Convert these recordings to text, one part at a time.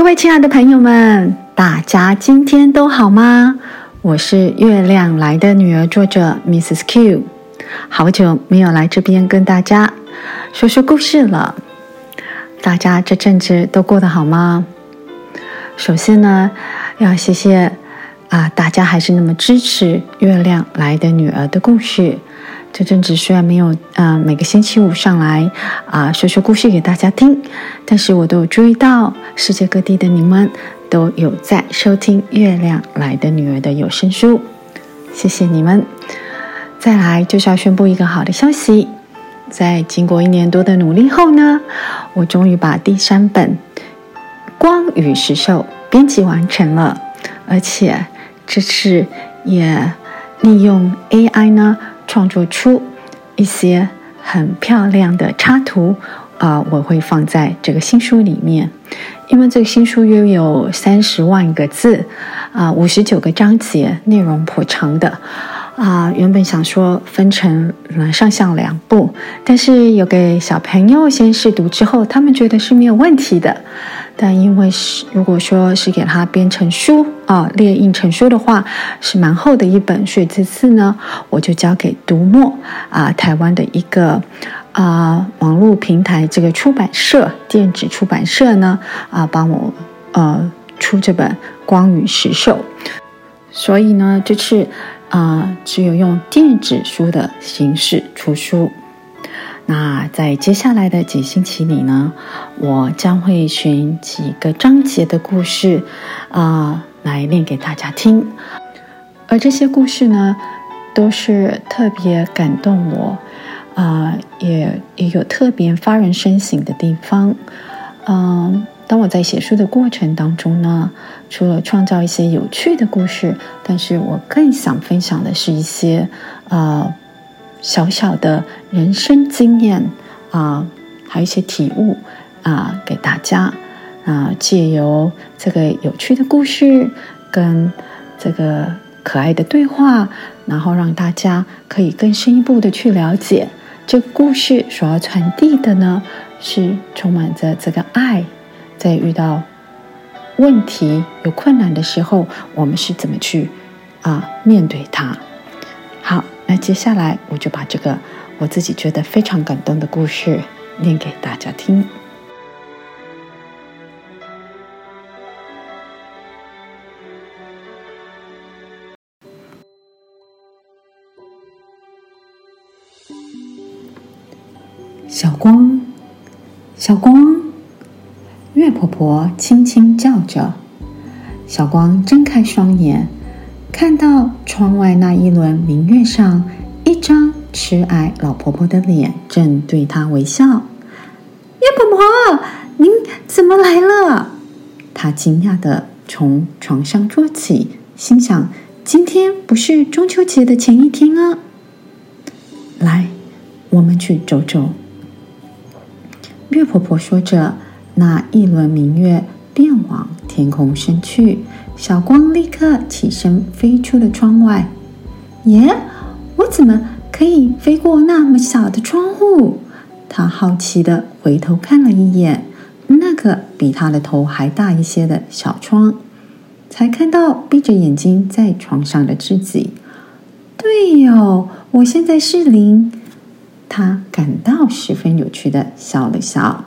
各位親愛的朋友們，大家今天都好嗎？我是月亮來的女兒，作者 Mrs. Q，好久沒有來這邊跟大家說說故事了。大家這陣子都過得好嗎？首先呢，要謝謝啊、呃，大家還是那麼支持《月亮來的女兒》的故事。這陣子雖然沒有啊、呃，每個星期五上來啊、呃，說說故事給大家聽，但是我都有注意到世界各地的你們都有在收聽《月亮來的女兒》的有聲書，謝謝你們！再來就是要宣布一個好的消息，在經過一年多的努力後呢，我終於把第三本《光與石獸》編輯完成了，而且這次也利用 AI 呢。創作出一些很漂亮的插圖，啊、呃，我會放在這個新書裡面。因為這個新書約有三十萬個字，啊、呃，五十九個章節，內容頗長的，啊、呃，原本想說分成了上下兩部，但是有給小朋友先試讀之後，他們覺得是沒有問題的。但因為是，如果說是給它編成書啊、呃，列印成書的話，是蠻厚的一本。所以這次呢，我就交給讀墨啊、呃，臺灣的一個啊、呃、網絡平台這個出版社，電子出版社呢啊、呃，幫我呃出這本《光與石獸》。所以呢，這次啊、呃，只有用電子書的形式出書。那在接下來的幾星期裡呢，我將會選幾個章節的故事，啊、呃，來念給大家聽。而這些故事呢，都是特別感動我，啊、呃，也也有特別發人深省的地方。嗯、呃，當我在寫書的過程當中呢，除了創造一些有趣的故事，但是我更想分享的是一些，啊、呃。小小的人生經驗啊，還有一些體悟啊，給大家啊，借由這個有趣的故事跟這個可愛的對話，然後讓大家可以更深一步的去了解這個故事所要傳遞的呢，是充滿着這個愛，在遇到問題有困難的時候，我們是怎麼去啊面對它？好。那接下來，我就把這個我自己覺得非常感動的故事念給大家聽。小光，小光，月婆婆輕輕叫着，小光睜開雙眼。看到窗外那一輪明月上，一張慈愛老婆婆的臉正對她微笑。月婆婆，您怎麼來了？她驚訝的從床上坐起，心想：今天不是中秋節的前一天啊。來，我們去走走。月婆婆說着，那一輪明月便往天空升去。小光立刻起身飛出了窗外。耶，我怎麼可以飛過那麼小的窗戶？他好奇的回頭看了一眼那個比他的頭還大一些的小窗，才看到閉着眼睛在床上的自己。對哦，我現在是零。他感到十分有趣的笑了笑。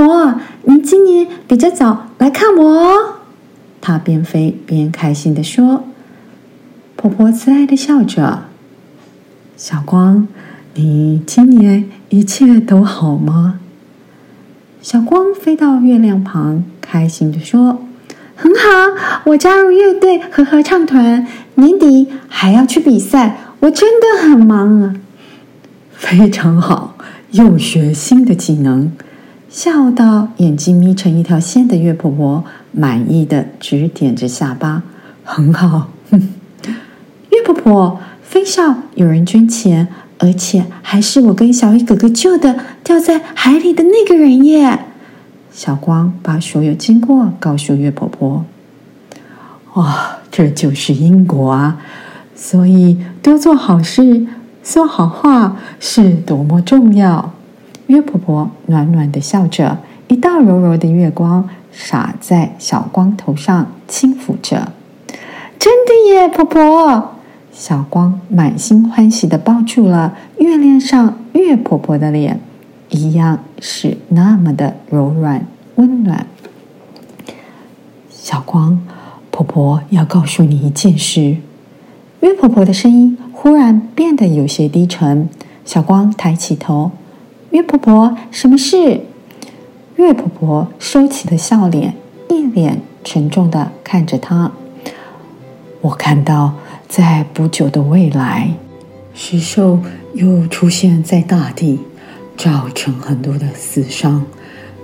我，你今年比較早來看我哦。她邊飛邊開心地說：“婆婆慈愛地笑着，小光，你今年一切都好嗎？”小光飛到月亮旁，開心地說：“很好，我加入樂隊和合唱團，年底還要去比賽，我真的很忙啊。”非常好，又學新的技能。笑到眼睛眯成一條線的月婆婆滿意的指點着下巴，很好。呵呵，月婆婆，非少有人捐錢，而且還是我跟小魚哥哥救的掉在海裡的那個人耶。小光把所有經過告訴月婆婆。哇、哦，這就是因果啊！所以多做好事、說好話是多麼重要。月婆婆暖暖的笑着，一道柔柔的月光灑在小光頭上，輕撫着。真的耶，婆婆！小光滿心歡喜的抱住了月亮上月婆婆的臉，一樣是那麼的柔軟溫暖。小光，婆婆要告訴你一件事。月婆婆的聲音忽然變得有些低沉，小光抬起頭。月婆婆，什麼事？月婆婆收起了笑臉，一臉沉重的看着他。我看到，在不久的未來，石獸又出現在大地，造成很多的死傷。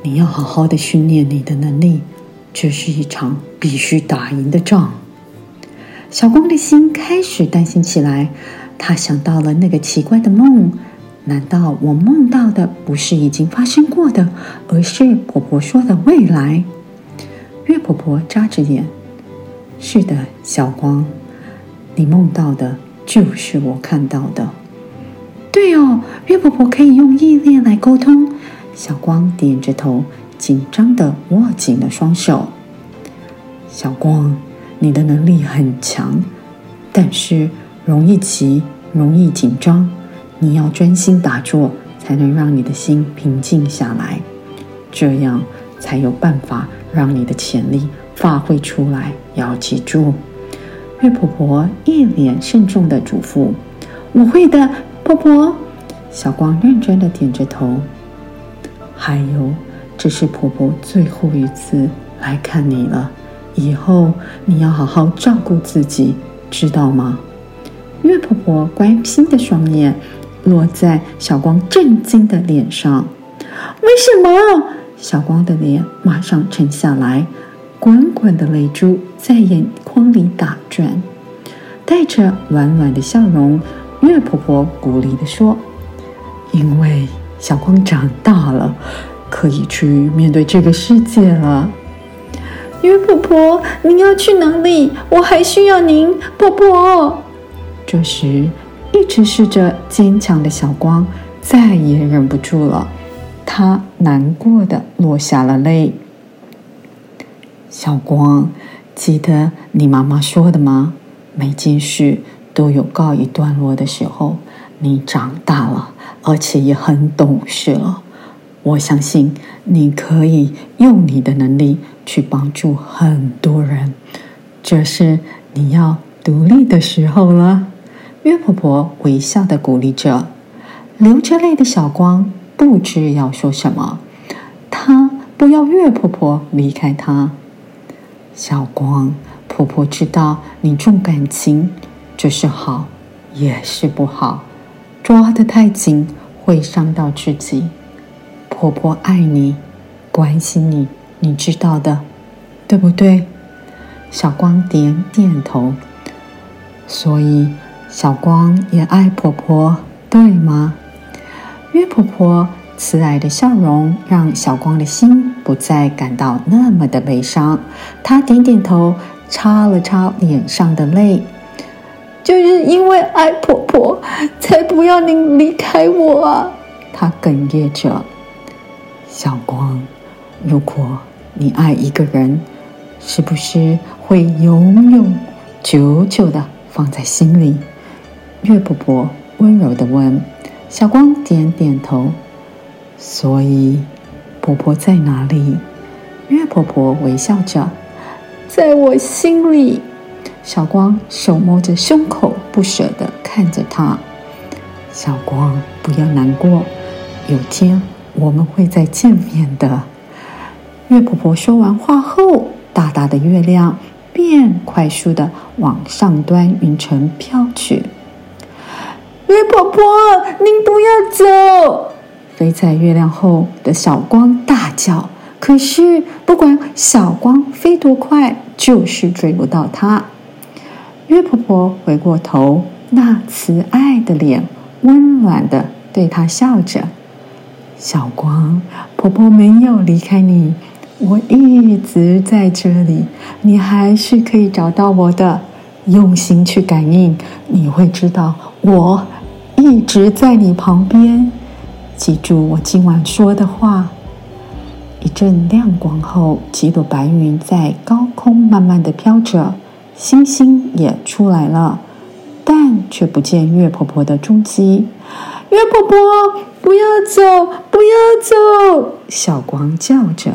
你要好好的訓練你的能力，這是一場必須打贏的仗。小光的心開始擔心起來，他想到了那個奇怪的夢。難道我夢到的不是已經發生過的，而是婆婆說的未來？月婆婆眨着眼：“是的，小光，你夢到的就是我看到的。”對哦，月婆婆可以用意念來溝通。小光點着頭，緊張地握緊了雙手。小光，你的能力很強，但是容易急，容易緊張。你要專心打坐，才能讓你的心平靜下來，這樣才有辦法讓你的潛力發揮出來。要記住，月婆婆一臉慎重的囑咐：“我會的，婆婆。”小光認真的點着頭。還有，這是婆婆最後一次來看你了，以後你要好好照顧自己，知道嗎？月婆婆關心的雙眼。落在小光震驚的臉上，為什麼？小光的臉馬上沉下來，滾滾的淚珠在眼眶裡打轉，帶着暖暖的笑容，月婆婆鼓勵地說：“因為小光長大了，可以去面對這個世界了。”月婆婆，你要去哪裡？我還需要您，婆婆。這時。一直試着堅強的小光再也忍不住了，他難過的落下了淚。小光，記得你媽媽說的嗎？每件事都有告一段落的時候。你長大了，而且也很懂事了。我相信你可以用你的能力去幫助很多人。這是你要獨立的時候了。月婆婆微笑的鼓勵着，流着淚的小光不知要說什麼。她不要月婆婆離開她。小光，婆婆知道你重感情，這是好，也是不好。抓得太緊會傷到自己。婆婆愛你，關心你，你知道的，對不對？小光點點頭。所以。小光也愛婆婆，對嗎？月婆婆慈愛的笑容讓小光的心不再感到那麼的悲傷。他點點頭，擦了擦臉上的淚。就是因為愛婆婆，才不要你離開我啊！他哽咽着。小光，如果你愛一個人，是不是會永永久久的放在心裡？月婆婆溫柔地問：小光點點頭，所以，婆婆在哪裡？月婆婆微笑着：“在我心裡。”小光手摸着胸口，不捨地看着她。小光，不要難過，有天我們會再見面的。月婆婆說完話後，大大的月亮便快速地往上端雲層飄去。月婆婆，您不要走！飛在月亮後的小光大叫。可是不管小光飛多快，就是追不到她。月婆婆回過頭，那慈愛的臉，溫暖的對她笑着。小光，婆婆沒有離開你，我一直在這裡，你還是可以找到我的。用心去感應，你會知道我。一直在你旁邊，記住我今晚說的話。一陣亮光後，幾朵白雲在高空慢慢的飄着，星星也出來了，但卻不見月婆婆的蹤跡。月婆婆，不要走，不要走！小光叫着。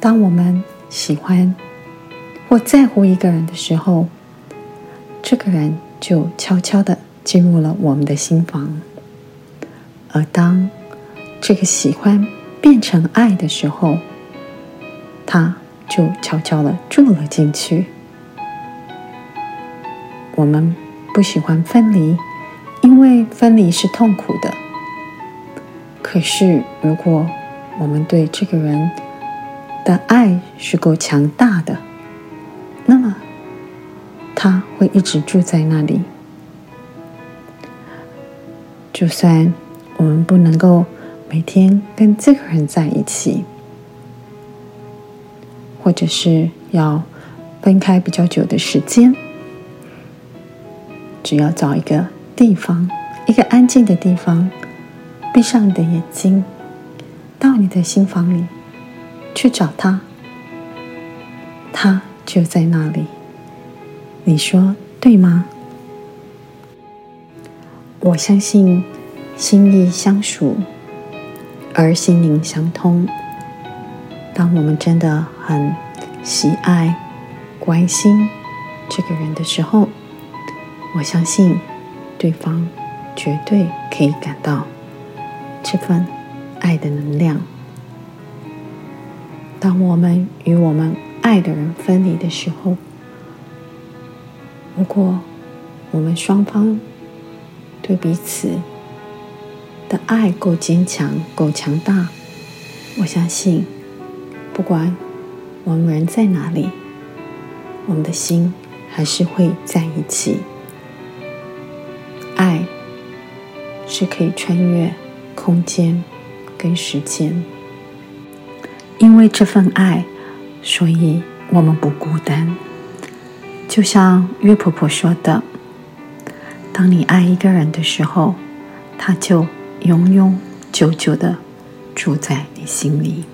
當我們喜歡或在乎一個人的時候，這個人就悄悄的進入了我們的心房。而當這個喜歡變成愛的時候，他就悄悄的住了進去。我們不喜歡分離，因為分離是痛苦的。可是，如果我們對這個人，的愛是夠強大的，那麼他會一直住在那裡。就算我們不能夠每天跟這個人在一起，或者是要分開比較久的時間，只要找一個地方，一個安靜的地方，閉上你的眼睛，到你的心房裡。去找他，他就在那裡。你說對嗎？我相信心意相屬，而心靈相通。當我們真的很喜愛、關心這個人的時候，我相信對方絕對可以感到這份愛的能量。當我們與我們愛的人分離的時候，如果我們雙方對彼此的愛夠堅強、夠強大，我相信，不管我們人在哪裡，我們的心還是會在一起。愛是可以穿越空間跟時間。因為這份愛，所以我們不孤單。就像月婆婆說的：“當你愛一個人的時候，他就永永久久的住在你心裡。”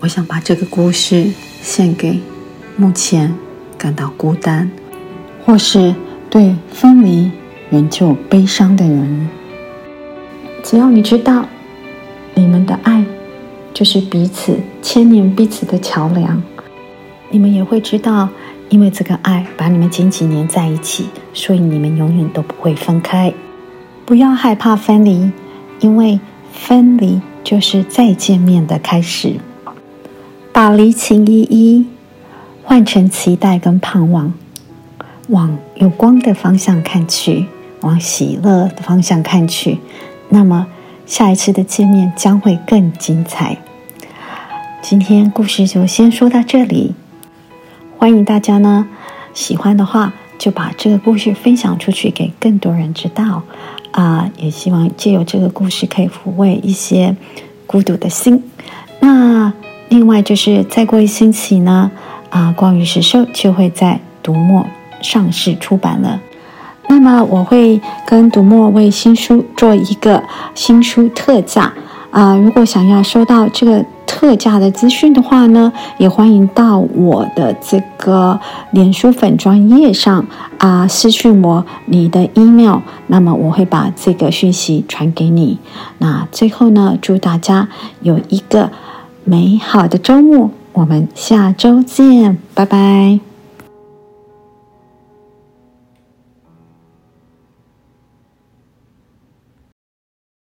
我想把這個故事獻給目前感到孤單，或是對分離仍舊悲傷的人。只要你知道，你們的愛。就是彼此牽連彼此的橋樑，你們也會知道，因為這個愛把你們緊緊連在一起，所以你們永遠都不會分開。不要害怕分離，因為分離就是再見面的開始。把離情依依換成期待跟盼望，往有光的方向看去，往喜樂的方向看去，那麼下一次的見面將會更精彩。今天故事就先說到這裡，歡迎大家呢，喜歡的話就把這個故事分享出去，給更多人知道。啊、呃，也希望借由這個故事可以撫慰一些孤獨的心。那另外就是再過一星期呢，啊、呃，光與石獸就會在讀墨上市出版了。那麼我會跟讀墨為新書做一個新書特價啊、呃，如果想要收到這個。特價的資訊的話呢，也歡迎到我的這個臉書粉專頁上啊私訊我你的 email，那麼我會把這個訊息傳給你。那最後呢，祝大家有一個美好的週末，我們下周見，拜拜。